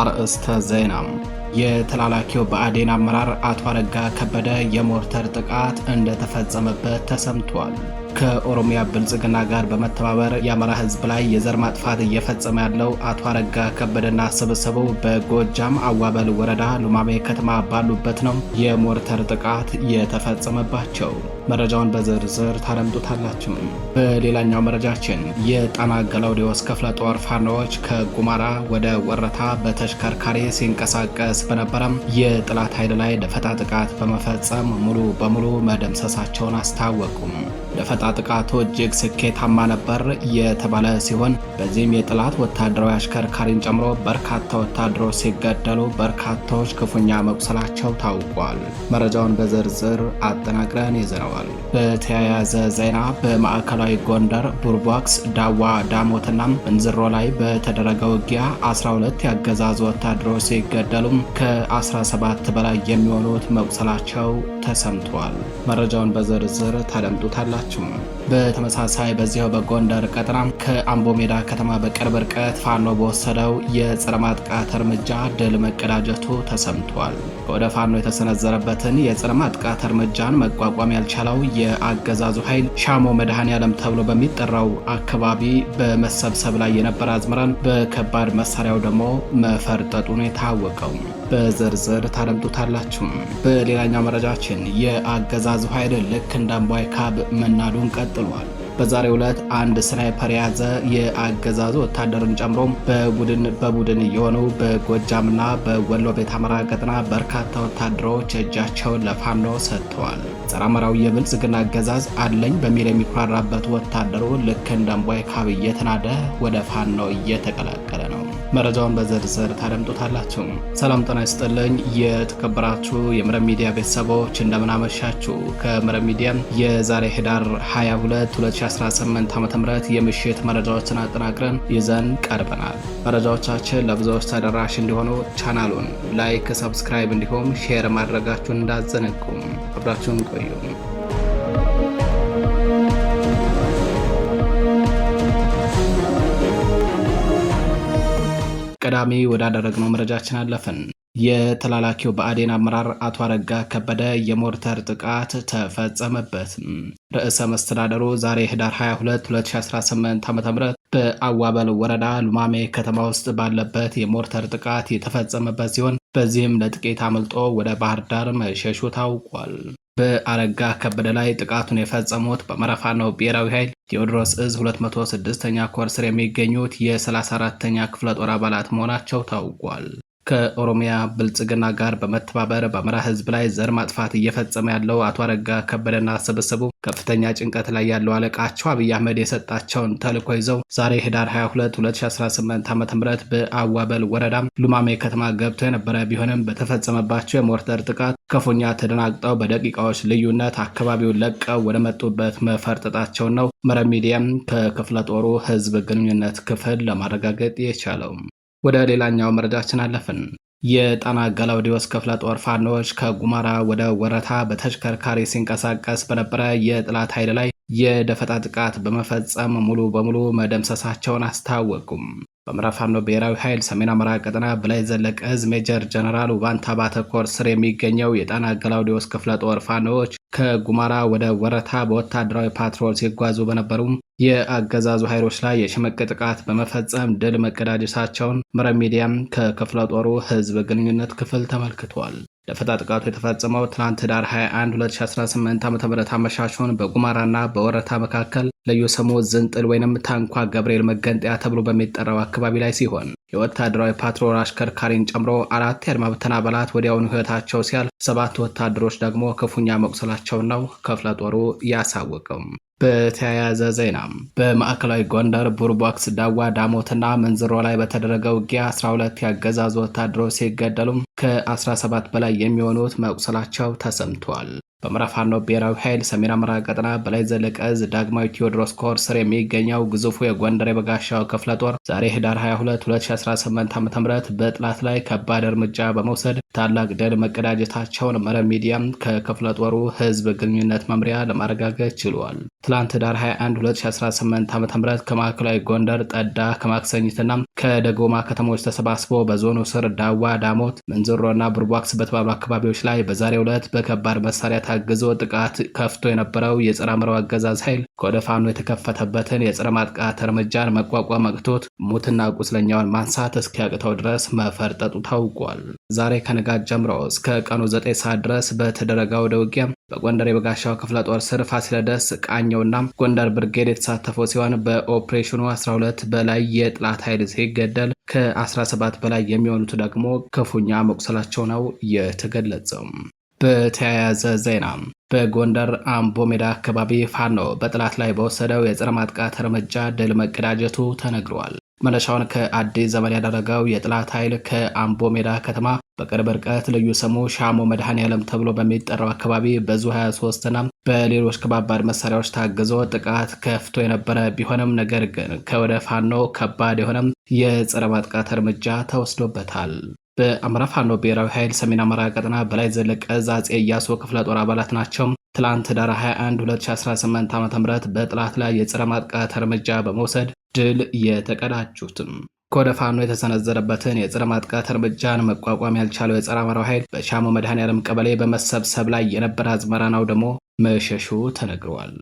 አርእስተ ዜና የተላላኪው ብአዴን አመራር አቶ አረጋ ከበደ የሞርተር ጥቃት እንደተፈጸመበት ተሰምቷል። ከኦሮሚያ ብልጽግና ጋር በመተባበር የአማራ ሕዝብ ላይ የዘር ማጥፋት እየፈጸመ ያለው አቶ አረጋ ከበደና ስብስቡ በጎጃም አዋበል ወረዳ ሉማሜ ከተማ ባሉበት ነው የሞርተር ጥቃት የተፈጸመባቸው። መረጃውን በዝርዝር ታረምጡታላችሁ። በሌላኛው መረጃችን የጣና ገላውዲዮስ ክፍለ ጦር ፋኖዎች ከጉማራ ወደ ወረታ በተሽከርካሪ ሲንቀሳቀስ ሲደርስ በነበረም የጠላት ኃይል ላይ ደፈጣ ጥቃት በመፈጸም ሙሉ በሙሉ መደምሰሳቸውን አስታወቁም። ደፈጣ ጥቃቱ እጅግ ስኬታማ ነበር የተባለ ሲሆን በዚህም የጠላት ወታደራዊ አሽከርካሪን ጨምሮ በርካታ ወታደሮች ሲገደሉ በርካታዎች ክፉኛ መቁሰላቸው ታውቋል። መረጃውን በዝርዝር አጠናቅረን ይዘነዋል። በተያያዘ ዜና በማዕከላዊ ጎንደር ቡርቧክስ፣ ዳዋ ዳሞትና እንዝሮ ላይ በተደረገ ውጊያ 12 ያገዛዙ ወታደሮች ሲገደሉም ከ17 በላይ የሚሆኑት መቁሰላቸው ተሰምቷል። መረጃውን በዝርዝር ታደምጡታላችሁ። በተመሳሳይ በዚያው በጎንደር ቀጠና ከአምቦ ሜዳ ከተማ በቅርብ ርቀት ፋኖ በወሰደው የጸረ ማጥቃት እርምጃ ድል መቀዳጀቱ ተሰምቷል። ወደ ፋኖ የተሰነዘረበትን የጸረ ማጥቃት እርምጃን መቋቋም ያልቻለው የአገዛዙ ኃይል ሻሞ መድኃኔ ዓለም ተብሎ በሚጠራው አካባቢ በመሰብሰብ ላይ የነበረ አዝመራን በከባድ መሳሪያው ደግሞ መፈርጠጡ ነው የታወቀው። በዝርዝር ታደምጡታላችሁ። በሌላኛው መረጃችን የአገዛዙ ኃይል ልክ እንደ አምቧይ ካብ መናዱን ቀጥሏል። በዛሬ ዕለት አንድ ስናይፐር የያዘ የአገዛዙ ወታደርን ጨምሮ በቡድን በቡድን የሆኑ በጎጃምና በወሎ ቤት አማራ ቀጠና በርካታ ወታደሮች እጃቸውን ለፋኖ ሰጥተዋል። ጸረ አማራው የብልጽግና አገዛዝ አለኝ በሚል የሚኮራራበት ወታደሩ ልክ እንደ ካብ እየተናደ ወደ ፋኖ እየተቀላቀለ መረጃውን በዝርዝር ታደምጡታላችሁ። ሰላም ጤና ይስጥልኝ። የተከበራችሁ የምረብ ሚዲያ ቤተሰቦች እንደምናመሻችሁ። ከምረብ ሚዲያ የዛሬ ህዳር 22 2018 ዓ ም የምሽት መረጃዎችን አጠናቅረን ይዘን ቀርበናል። መረጃዎቻችን ለብዙዎች ተደራሽ እንዲሆኑ ቻናሉን ላይክ፣ ሰብስክራይብ እንዲሁም ሼር ማድረጋችሁን እንዳዘነጉም አብራችሁን ቆዩ። ቀዳሚ ወዳደረግነው መረጃችን አለፍን። የተላላኪው ብአዴን አመራር አቶ አረጋ ከበደ የሞርተር ጥቃት ተፈጸመበት። ርዕሰ መስተዳደሩ ዛሬ ህዳር 22 2018 ዓ.ም በአዋበል ወረዳ ሉማሜ ከተማ ውስጥ ባለበት የሞርተር ጥቃት የተፈጸመበት ሲሆን በዚህም ለጥቂት አምልጦ ወደ ባህር ዳር መሸሹ ታውቋል። በአረጋ ከበደ ላይ ጥቃቱን የፈጸሙት በመረፋ ነው። ብሔራዊ ኃይል ቴዎድሮስ እዝ 206ኛ ኮር ስር የሚገኙት የ34ኛ ክፍለ ጦር አባላት መሆናቸው ታውቋል። ከኦሮሚያ ብልጽግና ጋር በመተባበር በአማራ ህዝብ ላይ ዘር ማጥፋት እየፈጸመ ያለው አቶ አረጋ ከበደና ስብስቡ ከፍተኛ ጭንቀት ላይ ያለው አለቃቸው አብይ አህመድ የሰጣቸውን ተልዕኮ ይዘው ዛሬ ህዳር 22 2018 ዓ ም በአዋበል ወረዳ ሉማሜ ከተማ ገብቶ የነበረ ቢሆንም በተፈጸመባቸው የሞርተር ጥቃት ክፉኛ ተደናግጠው በደቂቃዎች ልዩነት አካባቢውን ለቀው ወደ መጡበት መፈርጠጣቸውን ነው መረብ ሚዲያም ከክፍለ ጦሩ ህዝብ ግንኙነት ክፍል ለማረጋገጥ የቻለው። ወደ ሌላኛው መረጃችን አለፍን። የጣና ገላውዲዮስ ክፍለ ጦር ፋኖች ከጉማራ ወደ ወረታ በተሽከርካሪ ሲንቀሳቀስ በነበረ የጥላት ኃይል ላይ የደፈጣ ጥቃት በመፈጸም ሙሉ በሙሉ መደምሰሳቸውን አስታወቁም። በምዕራብ ፋኖ ብሔራዊ ኃይል ሰሜን አማራ ቀጠና በላይ ዘለቀ ሜጀር ጀነራል ውባንታ ባተኮር ስር የሚገኘው የጣና ገላውዲዮስ ክፍለ ጦር ፋኖች ከጉማራ ወደ ወረታ በወታደራዊ ፓትሮል ሲጓዙ በነበሩ የአገዛዙ ኃይሎች ላይ የሽምቅ ጥቃት በመፈጸም ድል መቀዳጀታቸውን መረብ ሚዲያም ከክፍለ ጦሩ ህዝብ ግንኙነት ክፍል ተመልክቷል። ደፈጣ ጥቃቱ የተፈጸመው ትናንት ዳር 21 2018 ዓ ም አመሻሹን በጉማራና በወረታ መካከል ልዩ ስሙ ዝንጥል ወይንም ታንኳ ገብርኤል መገንጠያ ተብሎ በሚጠራው አካባቢ ላይ ሲሆን የወታደራዊ ፓትሮል አሽከርካሪን ጨምሮ አራት የአድማ ብተና አባላት ወዲያውኑ ህይወታቸው ሲያልፍ ሰባት ወታደሮች ደግሞ ክፉኛ መቁሰላቸውን ነው ክፍለ ጦሩ ያሳወቀው። በተያያዘ ዜና በማዕከላዊ ጎንደር ቡርቦክስ፣ ዳዋ ዳሞትና መንዝሮ ላይ በተደረገ ውጊያ 12 ያገዛዙ ወታደሮች ሲገደሉም ከ17 በላይ የሚሆኑት መቁሰላቸው ተሰምቷል። በምዕራብ ብሔራዊ ኃይል ሰሜን አማራ ቀጠና በላይ ዘለቀ እዝ ዳግማዊ ቴዎድሮስ ኮር ስር የሚገኘው ግዙፉ የጎንደር የበጋሻው ክፍለ ጦር ዛሬ ህዳር 22 2018 ዓ ም በጥላት ላይ ከባድ እርምጃ በመውሰድ ታላቅ ድል መቀዳጀታቸውን መረብ ሚዲያም ከክፍለ ጦሩ ህዝብ ግንኙነት መምሪያ ለማረጋገጥ ችሏል። ትላንት ህዳር 21 2018 ዓ ም ከማዕከላዊ ጎንደር ጠዳ ከማክሰኝትና ከደጎማ ከተሞች ተሰባስቦ በዞኑ ስር ዳዋ ዳሞት ኪንዞሮና ቡርቧክስ በተባሉ አካባቢዎች ላይ በዛሬው ዕለት በከባድ መሳሪያ ታግዞ ጥቃት ከፍቶ የነበረው የጸረ አምረው አገዛዝ ኃይል ከወደ ፋኖ የተከፈተበትን የጸረ ማጥቃት እርምጃን መቋቋም አቅቶት ሙትና ቁስለኛውን ማንሳት እስኪያቅተው ድረስ መፈርጠጡ ታውቋል። ዛሬ ከንጋት ጀምሮ እስከ ቀኑ ዘጠኝ ሰዓት ድረስ በተደረጋ ወደ ውጊያም በጎንደር የበጋሻው ክፍለ ጦር ስር ፋሲለደስ ቃኘውና ጎንደር ብርጌድ የተሳተፈው ሲሆን በኦፕሬሽኑ 12 በላይ የጥላት ኃይል ሲገደል ከ17 በላይ የሚሆኑት ደግሞ ክፉኛ መቁሰላቸው ነው የተገለጸው። በተያያዘ ዜና በጎንደር አምቦ ሜዳ አካባቢ ፋኖ በጥላት ላይ በወሰደው የጸረ ማጥቃት እርምጃ ድል መቀዳጀቱ ተነግሯል። መነሻውን ከአዲስ ዘመን ያደረገው የጥላት ኃይል ከአምቦ ሜዳ ከተማ በቅርብ ርቀት ልዩ ስሙ ሻሞ መድኃኔ ዓለም ተብሎ በሚጠራው አካባቢ በዙ 23ና በሌሎች ከባባድ መሳሪያዎች ታግዞ ጥቃት ከፍቶ የነበረ ቢሆንም ነገር ግን ከወደ ፋኖ ከባድ የሆነም የጸረ ማጥቃት እርምጃ ተወስዶበታል። በአማራ ፋኖ ብሔራዊ ኃይል ሰሜን አማራ ቀጠና በላይ ዘለቀ አፄ እያሶ ክፍለ ጦር አባላት ናቸው። ትላንት ዳር 21 2018 ዓ ም በጥላት ላይ የጸረ ማጥቃት እርምጃ በመውሰድ ድል የተቀዳጁትም። ከወደ ፋኖ የተሰነዘረበትን የጸረ ማጥቃት እርምጃን መቋቋም ያልቻለው የጸረ አማራው ኃይል በሻሞ መድኃኔዓለም ቀበሌ በመሰብሰብ ላይ የነበረ አዝመራናው ደግሞ መሸሹ ተነግረዋል።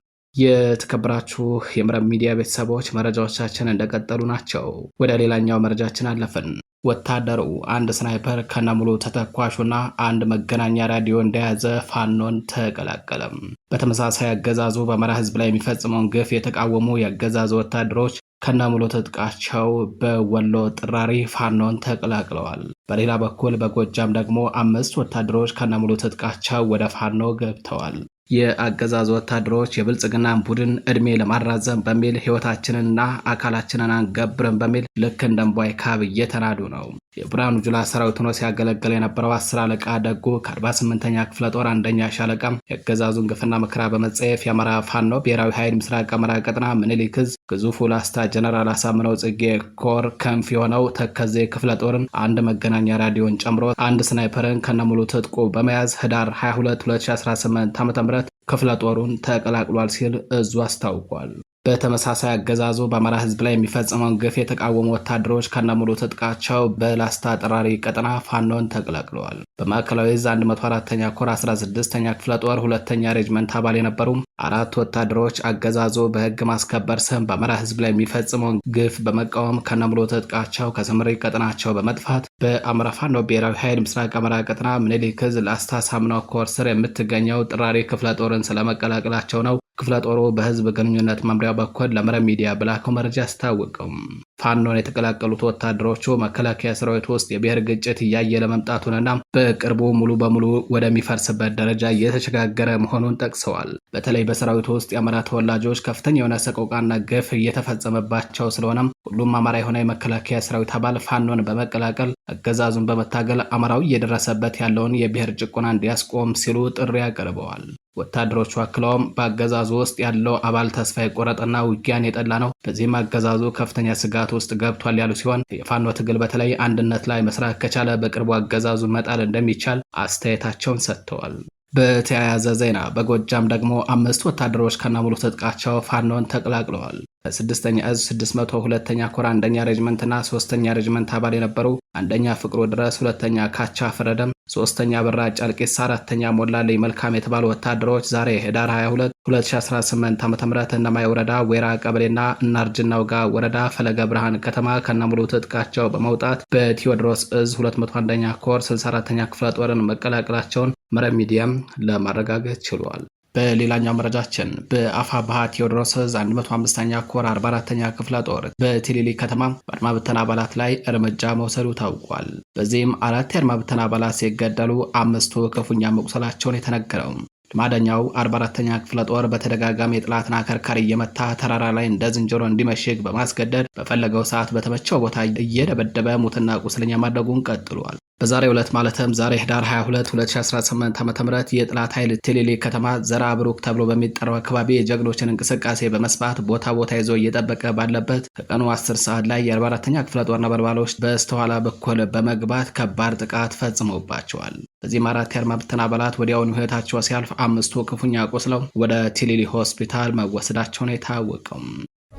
የተከበራችሁ የምረብ ሚዲያ ቤተሰቦች መረጃዎቻችን እንደቀጠሉ ናቸው። ወደ ሌላኛው መረጃችን አለፍን። ወታደሩ አንድ ስናይፐር ከነሙሉ ተተኳሹና አንድ መገናኛ ራዲዮ እንደያዘ ፋኖን ተቀላቀለም። በተመሳሳይ አገዛዙ በአማራ ህዝብ ላይ የሚፈጽመውን ግፍ የተቃወሙ የአገዛዙ ወታደሮች ከነሙሉ ትጥቃቸው በወሎ ጥራሪ ፋኖን ተቀላቅለዋል። በሌላ በኩል በጎጃም ደግሞ አምስት ወታደሮች ከነሙሉ ትጥቃቸው ወደ ፋኖ ገብተዋል። የአገዛዝ ወታደሮች የብልጽግናን ቡድን እድሜ ለማራዘም በሚል ህይወታችንንና አካላችንን አንገብርም በሚል ልክ እንደ እምቧይ ካብ እየተናዱ ነው። የብርሃኑ ጁላ ሰራዊት ሆኖ ሲያገለግል የነበረው አስር አለቃ ደጉ ከ48ኛ ክፍለ ጦር አንደኛ ሻለቃ የአገዛዙን ግፍና መከራ በመጸየፍ የአማራ ፋኖ ብሔራዊ ኃይል ምስራቅ አማራ ቀጠና ምኒልክ ዕዝ ግዙፉ ላስታ ጀነራል አሳምነው ጽጌ ኮር ክንፍ የሆነው ተከዜ ክፍለ ጦርን አንድ መገናኛ ራዲዮን ጨምሮ አንድ ስናይፐርን ከነሙሉ ትጥቁ በመያዝ ህዳር 22 2018 ዓ ም ክፍለ ጦሩን ተቀላቅሏል ሲል እዙ አስታውቋል። በተመሳሳይ አገዛዙ በአማራ ህዝብ ላይ የሚፈጽመውን ግፍ የተቃወሙ ወታደሮች ከነሙሉ ትጥቃቸው በላስታ ጠራሪ ቀጠና ፋኖን ተቀላቅለዋል። በማዕከላዊ እዝ 104ኛ ኮር 16ኛ ክፍለ ጦር ሁለተኛ ሬጅመንት አባል የነበሩ አራት ወታደሮች አገዛዙ በህግ ማስከበር ስም በአማራ ህዝብ ላይ የሚፈጽመውን ግፍ በመቃወም ከነሙሉ ትጥቃቸው ከስምሪ ቀጠናቸው በመጥፋት በአማራ ፋኖ ብሔራዊ ኃይል ምስራቅ አማራ ቀጠና ምኒልክ እዝ ላስታ ሳምና ኮር ስር የምትገኘው ጥራሪ ክፍለ ጦርን ስለመቀላቀላቸው ነው ክፍለ ጦሩ በህዝብ ግንኙነት መምሪያው በኩል ለመረብ ሚዲያ በላከው መረጃ አስታወቀም። ፋኖን የተቀላቀሉት ወታደሮቹ መከላከያ ሰራዊት ውስጥ የብሔር ግጭት እያየለ መምጣቱንና በቅርቡ ሙሉ በሙሉ ወደሚፈርስበት ደረጃ እየተሸጋገረ መሆኑን ጠቅሰዋል። በተለይ በሰራዊቱ ውስጥ የአማራ ተወላጆች ከፍተኛ የሆነ ሰቆቃና ግፍ እየተፈጸመባቸው ስለሆነም ሁሉም አማራ የሆነ የመከላከያ ሰራዊት አባል ፋኖን በመቀላቀል አገዛዙን በመታገል አማራዊ እየደረሰበት ያለውን የብሔር ጭቆና እንዲያስቆም ሲሉ ጥሪ አቅርበዋል። ወታደሮቹ አክለውም በአገዛዙ ውስጥ ያለው አባል ተስፋ የቆረጠና ውጊያን የጠላ ነው። በዚህም አገዛዙ ከፍተኛ ስጋት ውስጥ ገብቷል ያሉ ሲሆን የፋኖ ትግል በተለይ አንድነት ላይ መስራት ከቻለ በቅርቡ አገዛዙ መጣል እንደሚቻል አስተያየታቸውን ሰጥተዋል። በተያያዘ ዜና በጎጃም ደግሞ አምስት ወታደሮች ከነሙሉ ትጥቃቸው ፋኖን ተቀላቅለዋል። ስድስተኛ እዝ ስድስት መቶ ሁለተኛ ኮር አንደኛ ሬጅመንትና ሶስተኛ ሬጅመንት አባል የነበሩ አንደኛ ፍቅሩ ድረስ፣ ሁለተኛ ካቻ ፈረደም፣ ሶስተኛ በራ ጨርቄስ፣ አራተኛ ሞላለኝ መልካም የተባሉ ወታደሮች ዛሬ ህዳር 22 2018 ዓ.ም እነማይ ወረዳ ወይራ ቀበሌና እናርጅናው ጋ ወረዳ ፈለገ ብርሃን ከተማ ከነሙሉ ትጥቃቸው በመውጣት በቴዎድሮስ እዝ 201ኛ ኮር 64ኛ ክፍለ ጦርን መቀላቀላቸውን መረብ ሚዲያም ለማረጋገጥ ችሏል። በሌላኛው መረጃችን በአፋ ባህ ቴዎድሮስ ዕዝ 105ኛ ኮር 44ኛ ክፍለ ጦር በቲሊሊ ከተማ በአድማ ብተና አባላት ላይ እርምጃ መውሰዱ ታውቋል። በዚህም አራት የአድማ ብተና አባላት ሲገደሉ አምስቱ ክፉኛ መቁሰላቸውን የተነገረው ልማደኛው 44ኛ ክፍለ ጦር በተደጋጋሚ የጠላትን አከርካሪ እየመታ ተራራ ላይ እንደ ዝንጀሮ እንዲመሽግ በማስገደድ በፈለገው ሰዓት በተመቸው ቦታ እየደበደበ ሙትና ቁስለኛ ማድረጉን ቀጥሏል። በዛሬ ዕለት ማለትም ዛሬ ህዳር 22 2018 ም የጥላት ኃይል ቲሊሊ ከተማ ዘራ ብሩክ ተብሎ በሚጠራው አካባቢ የጀግኖችን እንቅስቃሴ በመስፋት ቦታ ቦታ ይዞ እየጠበቀ ባለበት ከቀኑ 10 ሰዓት ላይ የ44ኛ ክፍለ ጦር ነበልባሎች በስተኋላ በኩል በመግባት ከባድ ጥቃት ፈጽሞባቸዋል። በዚህም አራት የአድማ ብተና አባላት ወዲያውኑ ህይወታቸው ሲያልፍ፣ አምስቱ ክፉኛ ቆስለው ወደ ቴሌሌ ሆስፒታል መወሰዳቸውን የታወቀው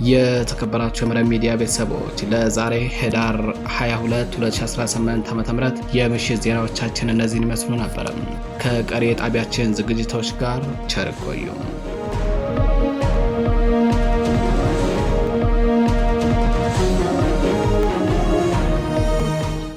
የተከበራቸው የመረብ ሚዲያ ቤተሰቦች ለዛሬ ህዳር 22 2018 ዓ ም የምሽት ዜናዎቻችን እነዚህን ይመስሉ ነበረም። ከቀሪ የጣቢያችን ዝግጅቶች ጋር ቸር